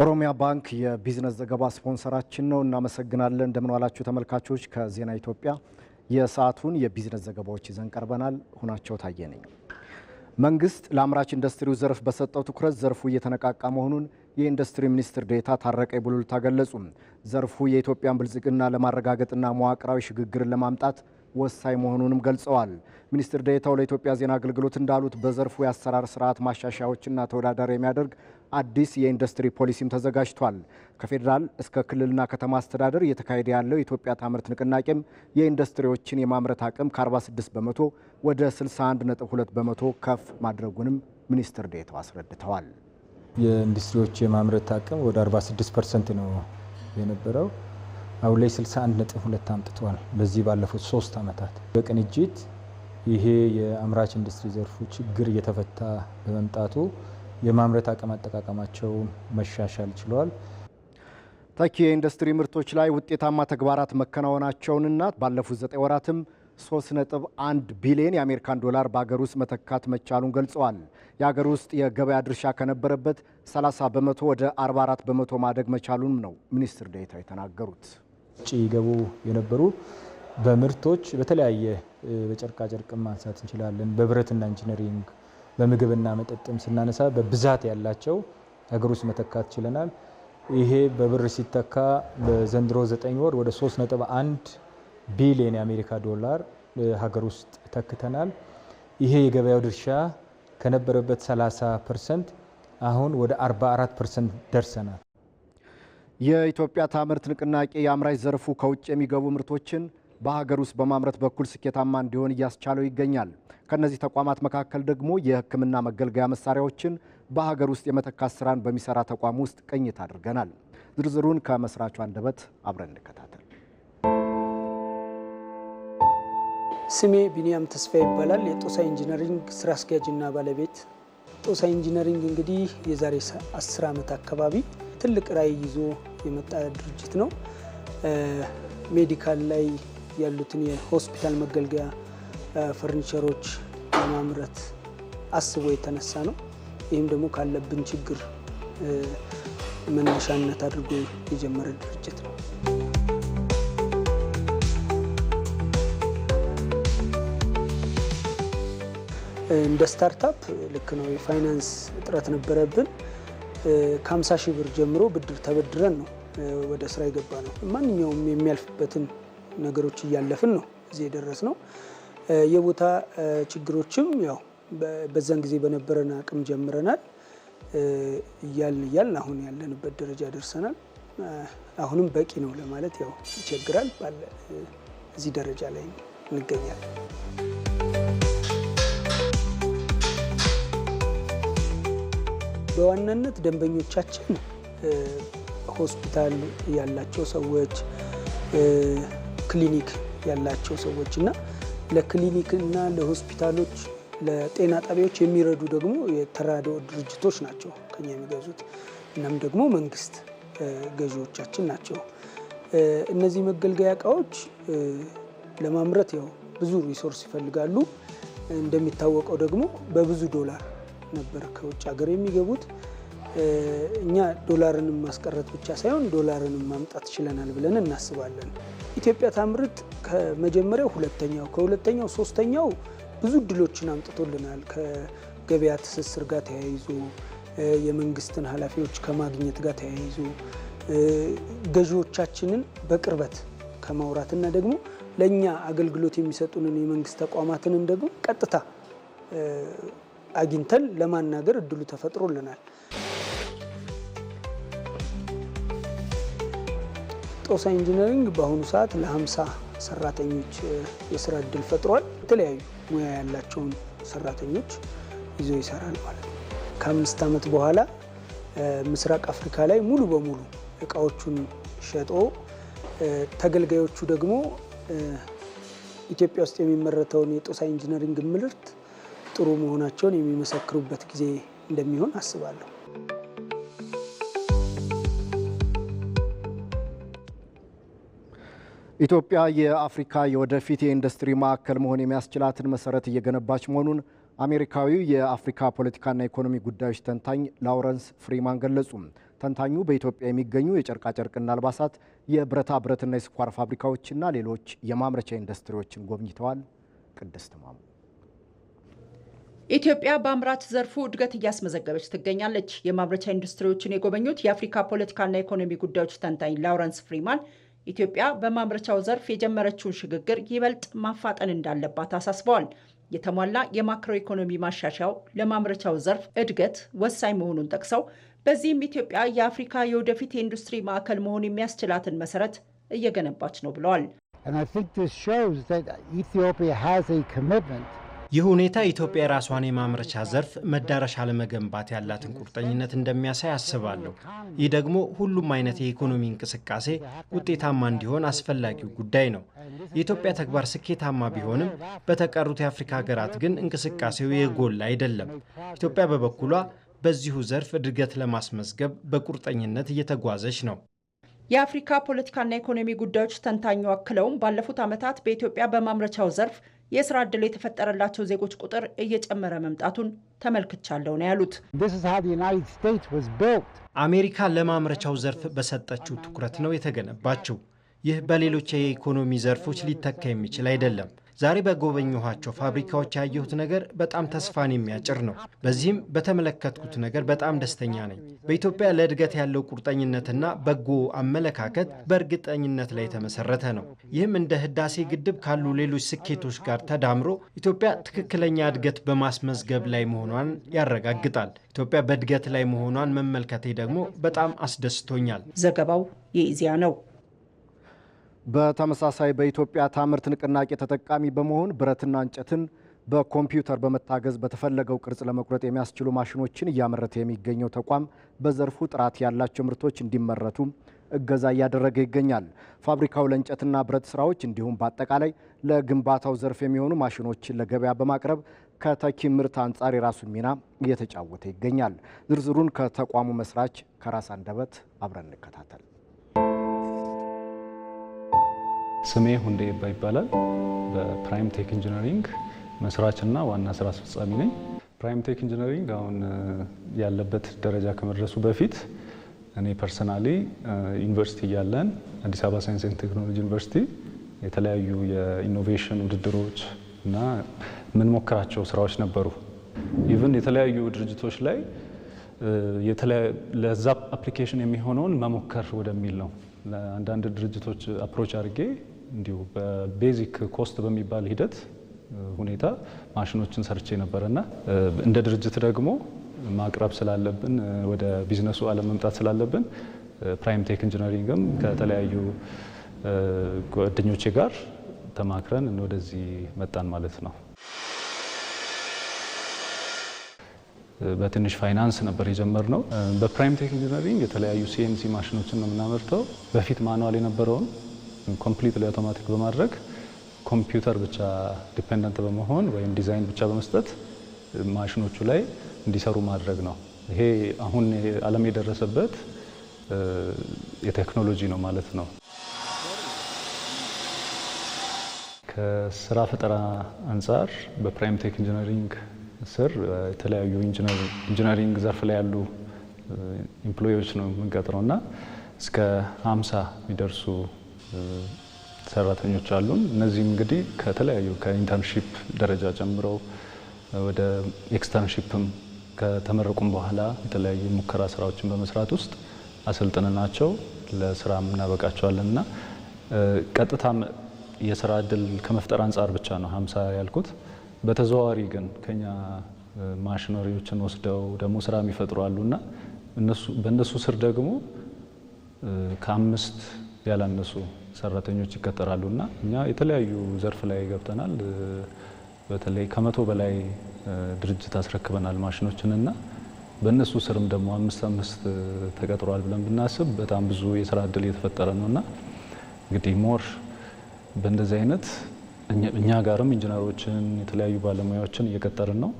ኦሮሚያ ባንክ የቢዝነስ ዘገባ ስፖንሰራችን ነው። እናመሰግናለን። እንደምንዋላችሁ ተመልካቾች። ከዜና ኢትዮጵያ የሰዓቱን የቢዝነስ ዘገባዎች ይዘን ቀርበናል። ሁናቸው ታየ ነኝ። መንግስት ለአምራች ኢንዱስትሪው ዘርፍ በሰጠው ትኩረት ዘርፉ እየተነቃቃ መሆኑን የኢንዱስትሪ ሚኒስትር ዴታ ታረቀ ቡሉልታ ገለጹ። ዘርፉ የኢትዮጵያን ብልጽግና ለማረጋገጥና መዋቅራዊ ሽግግርን ለማምጣት ወሳኝ መሆኑንም ገልጸዋል። ሚኒስትር ዴታው ለኢትዮጵያ ዜና አገልግሎት እንዳሉት በዘርፉ የአሰራር ስርዓት ማሻሻያዎችና ተወዳዳሪ የሚያደርግ አዲስ የኢንዱስትሪ ፖሊሲም ተዘጋጅቷል። ከፌዴራል እስከ ክልልና ከተማ አስተዳደር እየተካሄደ ያለው የኢትዮጵያ ታምርት ንቅናቄም የኢንዱስትሪዎችን የማምረት አቅም ከ46 በመቶ ወደ 61.2 በመቶ ከፍ ማድረጉንም ሚኒስትር ዴታው አስረድተዋል። የኢንዱስትሪዎች የማምረት አቅም ወደ 46 ፐርሰንት ነው የነበረው አሁን ላይ 61.2 አምጥተዋል። በዚህ ባለፉት ሶስት ዓመታት በቅንጅት ይሄ የአምራች ኢንዱስትሪ ዘርፉ ችግር እየተፈታ በመምጣቱ የማምረት አቅም አጠቃቀማቸው መሻሻል ችለዋል። ተኪ የኢንዱስትሪ ምርቶች ላይ ውጤታማ ተግባራት መከናወናቸውንና ባለፉት ዘጠኝ ወራትም 3.1 ቢሊዮን የአሜሪካን ዶላር በሀገር ውስጥ መተካት መቻሉን ገልጸዋል። የሀገር ውስጥ የገበያ ድርሻ ከነበረበት 30 በመቶ ወደ 44 በመቶ ማደግ መቻሉን ነው ሚኒስትር ዴኤታ የተናገሩት። ውጭ ገቡ የነበሩ በምርቶች በተለያየ በጨርቃጨርቅ ማንሳት እንችላለን። በብረትና ኢንጂነሪንግ በምግብና መጠጥም ስናነሳ በብዛት ያላቸው ሀገር ውስጥ መተካት ችለናል። ይሄ በብር ሲተካ በዘንድሮ 9 ወር ወደ 3.1 ቢሊዮን የአሜሪካ ዶላር ሀገር ውስጥ ተክተናል። ይሄ የገበያው ድርሻ ከነበረበት 30 ፐርሰንት አሁን ወደ 44 ፐርሰንት ደርሰናል። የኢትዮጵያ ታምርት ንቅናቄ የአምራች ዘርፉ ከውጭ የሚገቡ ምርቶችን በሀገር ውስጥ በማምረት በኩል ስኬታማ እንዲሆን እያስቻለው ይገኛል። ከእነዚህ ተቋማት መካከል ደግሞ የሕክምና መገልገያ መሳሪያዎችን በሀገር ውስጥ የመተካት ስራን በሚሰራ ተቋም ውስጥ ቅኝት አድርገናል። ዝርዝሩን ከመስራቹ አንደበት አብረን እንከታተል። ስሜ ቢኒያም ተስፋ ይባላል። የጦሳ ኢንጂነሪንግ ስራ አስኪያጅና ባለቤት። ጦሳ ኢንጂነሪንግ እንግዲህ የዛሬ አስር ዓመት አካባቢ ትልቅ ራዕይ ይዞ የመጣ ድርጅት ነው። ሜዲካል ላይ ያሉትን የሆስፒታል መገልገያ ፈርኒቸሮች ለማምረት አስቦ የተነሳ ነው። ይህም ደግሞ ካለብን ችግር መነሻነት አድርጎ የጀመረ ድርጅት ነው። እንደ ስታርታፕ ልክ ነው የፋይናንስ እጥረት ነበረብን። ከ50 ሺህ ብር ጀምሮ ብድር ተበድረን ነው ወደ ስራ የገባ ነው። ማንኛውም የሚያልፍበትን ነገሮች እያለፍን ነው እዚህ የደረስ ነው። የቦታ ችግሮችም ያው በዛን ጊዜ በነበረን አቅም ጀምረናል እያልን እያልን አሁን ያለንበት ደረጃ ደርሰናል። አሁንም በቂ ነው ለማለት ያው ይቸግራል። እዚህ ደረጃ ላይ እንገኛለን። በዋናነት ደንበኞቻችን ሆስፒታል ያላቸው ሰዎች ክሊኒክ ያላቸው ሰዎች እና ለክሊኒክ እና ለሆስፒታሎች ለጤና ጣቢያዎች የሚረዱ ደግሞ የተራድኦ ድርጅቶች ናቸው ከኛ የሚገዙት። እናም ደግሞ መንግስት ገዢዎቻችን ናቸው። እነዚህ መገልገያ እቃዎች ለማምረት ያው ብዙ ሪሶርስ ይፈልጋሉ። እንደሚታወቀው ደግሞ በብዙ ዶላር ነበር ከውጭ ሀገር የሚገቡት። እኛ ዶላርንም ማስቀረት ብቻ ሳይሆን ዶላርንም ማምጣት ችለናል ብለን እናስባለን። ኢትዮጵያ ታምርት ከመጀመሪያው ሁለተኛው ከሁለተኛው ሶስተኛው ብዙ እድሎችን አምጥቶልናል። ከገበያ ትስስር ጋር ተያይዞ የመንግስትን ኃላፊዎች ከማግኘት ጋር ተያይዞ ገዢዎቻችንን በቅርበት ከማውራትና ደግሞ ለእኛ አገልግሎት የሚሰጡንን የመንግስት ተቋማትንን ደግሞ ቀጥታ አግኝተን ለማናገር እድሉ ተፈጥሮልናል። ጦሳ ኢንጂነሪንግ በአሁኑ ሰዓት ለ50 ሰራተኞች የስራ እድል ፈጥሯል። የተለያዩ ሙያ ያላቸውን ሰራተኞች ይዞ ይሰራል ማለት ነው። ከአምስት ዓመት በኋላ ምስራቅ አፍሪካ ላይ ሙሉ በሙሉ እቃዎቹን ሸጦ ተገልጋዮቹ ደግሞ ኢትዮጵያ ውስጥ የሚመረተውን የጦሳ ኢንጂነሪንግ ምርት ጥሩ መሆናቸውን የሚመሰክሩበት ጊዜ እንደሚሆን አስባለሁ። ኢትዮጵያ የአፍሪካ የወደፊት የኢንዱስትሪ ማዕከል መሆን የሚያስችላትን መሰረት እየገነባች መሆኑን አሜሪካዊው የአፍሪካ ፖለቲካና ኢኮኖሚ ጉዳዮች ተንታኝ ላውረንስ ፍሪማን ገለጹ። ተንታኙ በኢትዮጵያ የሚገኙ የጨርቃጨርቅና አልባሳት፣ የብረታ ብረትና የስኳር ፋብሪካዎችና ሌሎች የማምረቻ ኢንዱስትሪዎችን ጎብኝተዋል። ቅድስት ማሙ ኢትዮጵያ በአምራች ዘርፉ እድገት እያስመዘገበች ትገኛለች። የማምረቻ ኢንዱስትሪዎችን የጎበኙት የአፍሪካ ፖለቲካና ኢኮኖሚ ጉዳዮች ተንታኝ ላውረንስ ፍሪማን ኢትዮጵያ በማምረቻው ዘርፍ የጀመረችውን ሽግግር ይበልጥ ማፋጠን እንዳለባት አሳስበዋል። የተሟላ የማክሮ ኢኮኖሚ ማሻሻያው ለማምረቻው ዘርፍ እድገት ወሳኝ መሆኑን ጠቅሰው በዚህም ኢትዮጵያ የአፍሪካ የወደፊት የኢንዱስትሪ ማዕከል መሆን የሚያስችላትን መሰረት እየገነባች ነው ብለዋል። ይህ ሁኔታ ኢትዮጵያ የራሷን የማምረቻ ዘርፍ መዳረሻ ለመገንባት ያላትን ቁርጠኝነት እንደሚያሳይ አስባለሁ። ይህ ደግሞ ሁሉም አይነት የኢኮኖሚ እንቅስቃሴ ውጤታማ እንዲሆን አስፈላጊው ጉዳይ ነው። የኢትዮጵያ ተግባር ስኬታማ ቢሆንም በተቀሩት የአፍሪካ ሀገራት ግን እንቅስቃሴው የጎላ አይደለም። ኢትዮጵያ በበኩሏ በዚሁ ዘርፍ እድገት ለማስመዝገብ በቁርጠኝነት እየተጓዘች ነው። የአፍሪካ ፖለቲካና ኢኮኖሚ ጉዳዮች ተንታኙ አክለውም ባለፉት ዓመታት በኢትዮጵያ በማምረቻው ዘርፍ የስራ እድል የተፈጠረላቸው ዜጎች ቁጥር እየጨመረ መምጣቱን ተመልክቻለሁ ነው ያሉት። አሜሪካ ለማምረቻው ዘርፍ በሰጠችው ትኩረት ነው የተገነባችው። ይህ በሌሎች የኢኮኖሚ ዘርፎች ሊተካ የሚችል አይደለም። ዛሬ በጎበኘኋቸው ፋብሪካዎች ያየሁት ነገር በጣም ተስፋን የሚያጭር ነው። በዚህም በተመለከትኩት ነገር በጣም ደስተኛ ነኝ። በኢትዮጵያ ለእድገት ያለው ቁርጠኝነትና በጎ አመለካከት በእርግጠኝነት ላይ የተመሰረተ ነው። ይህም እንደ ህዳሴ ግድብ ካሉ ሌሎች ስኬቶች ጋር ተዳምሮ ኢትዮጵያ ትክክለኛ እድገት በማስመዝገብ ላይ መሆኗን ያረጋግጣል። ኢትዮጵያ በእድገት ላይ መሆኗን መመልከቴ ደግሞ በጣም አስደስቶኛል። ዘገባው የኢዜአ ነው። በተመሳሳይ በኢትዮጵያ ታምርት ንቅናቄ ተጠቃሚ በመሆን ብረትና እንጨትን በኮምፒውተር በመታገዝ በተፈለገው ቅርጽ ለመቁረጥ የሚያስችሉ ማሽኖችን እያመረተ የሚገኘው ተቋም በዘርፉ ጥራት ያላቸው ምርቶች እንዲመረቱ እገዛ እያደረገ ይገኛል። ፋብሪካው ለእንጨትና ብረት ስራዎች እንዲሁም በአጠቃላይ ለግንባታው ዘርፍ የሚሆኑ ማሽኖችን ለገበያ በማቅረብ ከተኪ ምርት አንጻር የራሱ ሚና እየተጫወተ ይገኛል። ዝርዝሩን ከተቋሙ መስራች ከራስ አንደበት አብረን እንከታተል። ስሜ ሁንዴ ይባ ይባላል። በፕራይም ቴክ ኢንጂነሪንግ መስራችና ዋና ስራ አስፈጻሚ ነኝ። ፕራይም ቴክ ኢንጂነሪንግ አሁን ያለበት ደረጃ ከመድረሱ በፊት እኔ ፐርሰናሊ ዩኒቨርሲቲ እያለን አዲስ አበባ ሳይንስ ኤንድ ቴክኖሎጂ ዩኒቨርሲቲ የተለያዩ የኢኖቬሽን ውድድሮች እና የምንሞክራቸው ስራዎች ነበሩ። ኢቨን የተለያዩ ድርጅቶች ላይ ለዛ አፕሊኬሽን የሚሆነውን መሞከር ወደሚል ነው ለአንዳንድ ድርጅቶች አፕሮች አድርጌ እንዲሁ በቤዚክ ኮስት በሚባል ሂደት ሁኔታ ማሽኖችን ሰርቼ ነበረ እንደ ድርጅት ደግሞ ማቅረብ ስላለብን ወደ ቢዝነሱ አለም መምጣት ስላለብን ፕራይም ቴክ ኢንጂነሪንግም ከተለያዩ ጓደኞቼ ጋር ተማክረን ወደዚህ መጣን ማለት ነው። በትንሽ ፋይናንስ ነበር የጀመርነው። በፕራይም ቴክ ኢንጂነሪንግ የተለያዩ ሲኤንሲ ማሽኖችን ነው የምናመርተው። በፊት ማኑዋል የነበረውን ኮምፕሊትሊ ላይ አውቶማቲክ በማድረግ ኮምፒውተር ብቻ ዲፔንደንት በመሆን ወይም ዲዛይን ብቻ በመስጠት ማሽኖቹ ላይ እንዲሰሩ ማድረግ ነው። ይሄ አሁን ዓለም የደረሰበት የቴክኖሎጂ ነው ማለት ነው። ከስራ ፈጠራ አንጻር በፕራይም ቴክ ኢንጂነሪንግ ስር የተለያዩ ኢንጂነሪንግ ዘርፍ ላይ ያሉ ኢምፕሎዮች ነው የምንቀጥረው እና እስከ 50 የሚደርሱ ሰራተኞች አሉን። እነዚህም እንግዲህ ከተለያዩ ከኢንተርንሺፕ ደረጃ ጀምሮ ወደ ኤክስተርንሺፕም ከተመረቁም በኋላ የተለያዩ ሙከራ ስራዎችን በመስራት ውስጥ አሰልጥነናቸው ለስራም እናበቃቸዋለን እና ቀጥታም የስራ እድል ከመፍጠር አንጻር ብቻ ነው ሀምሳ ያልኩት። በተዘዋዋሪ ግን ከኛ ማሽነሪዎችን ወስደው ደግሞ ስራ የሚፈጥሩ እና በእነሱ ስር ደግሞ ከአምስት ያላነሱ ሰራተኞች ይቀጠራሉ እና እኛ የተለያዩ ዘርፍ ላይ ገብተናል። በተለይ ከመቶ በላይ ድርጅት አስረክበናል ማሽኖችን እና በእነሱ ስርም ደግሞ አምስት አምስት ተቀጥሯል ብለን ብናስብ በጣም ብዙ የስራ እድል እየተፈጠረ ነው እና እንግዲህ ሞር በእንደዚህ አይነት እኛ ጋርም ኢንጂነሮችን የተለያዩ ባለሙያዎችን እየቀጠርን ነው።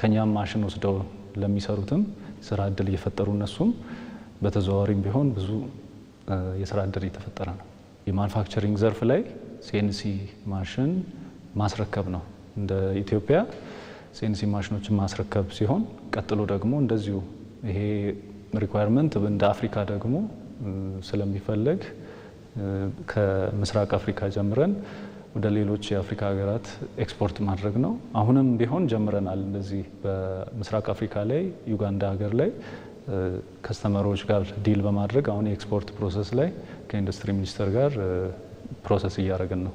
ከኛም ማሽን ወስደው ለሚሰሩትም ስራ እድል እየፈጠሩ እነሱም በተዘዋዋሪም ቢሆን ብዙ የስራ እድል እየተፈጠረ ነው። የማኑፋክቸሪንግ ዘርፍ ላይ ሲኤንሲ ማሽን ማስረከብ ነው። እንደ ኢትዮጵያ ሲኤንሲ ማሽኖችን ማስረከብ ሲሆን ቀጥሎ ደግሞ እንደዚሁ ይሄ ሪኳየርመንት እንደ አፍሪካ ደግሞ ስለሚፈለግ ከምስራቅ አፍሪካ ጀምረን ወደ ሌሎች የአፍሪካ ሀገራት ኤክስፖርት ማድረግ ነው። አሁንም ቢሆን ጀምረናል። እንደዚህ በምስራቅ አፍሪካ ላይ ዩጋንዳ ሀገር ላይ ከስተመሮች ጋር ዲል በማድረግ አሁን የኤክስፖርት ፕሮሰስ ላይ ከኢንዱስትሪ ሚኒስቴር ጋር ፕሮሰስ እያደረግን ነው።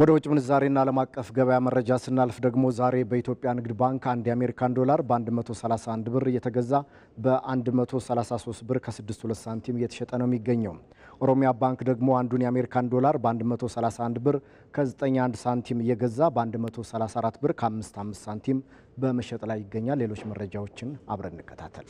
ወደ ውጭ ምንዛሬና ዓለም አቀፍ ገበያ መረጃ ስናልፍ ደግሞ ዛሬ በኢትዮጵያ ንግድ ባንክ አንድ የአሜሪካን ዶላር በ131 ብር እየተገዛ በ133 ብር ከ62 ሳንቲም እየተሸጠ ነው የሚገኘው። ኦሮሚያ ባንክ ደግሞ አንዱን የአሜሪካን ዶላር በ131 ብር ከ91 ሳንቲም እየገዛ በ134 ብር ከ55 ሳንቲም በመሸጥ ላይ ይገኛል። ሌሎች መረጃዎችን አብረን እንከታተል።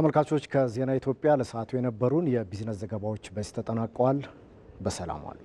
ተመልካቾች ከዜና ኢትዮጵያ ለሰዓቱ የነበሩን የቢዝነስ ዘገባዎች በዚህ ተጠናቀዋል። በሰላም ዋሉ።